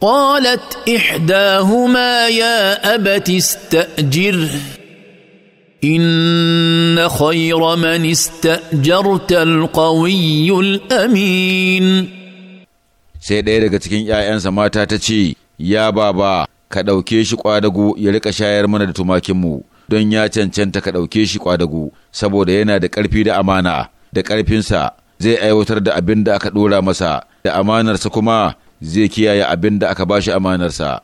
قالت احداهما يا ابت استاجره ان خير من استاجرت القوي الامين sai ɗaya daga cikin ‘ya'yansa mata ta ce, Ya baba, ka ɗauke shi ƙwadago ya riƙa shayar mana da tumakinmu, don ya cancanta ka ɗauke shi ƙwadago, saboda yana da ƙarfi da amana, da ƙarfinsa zai aiwatar da abin da aka ɗora masa, da amanarsa kuma zai kiyaye abin da aka bashi amanarsa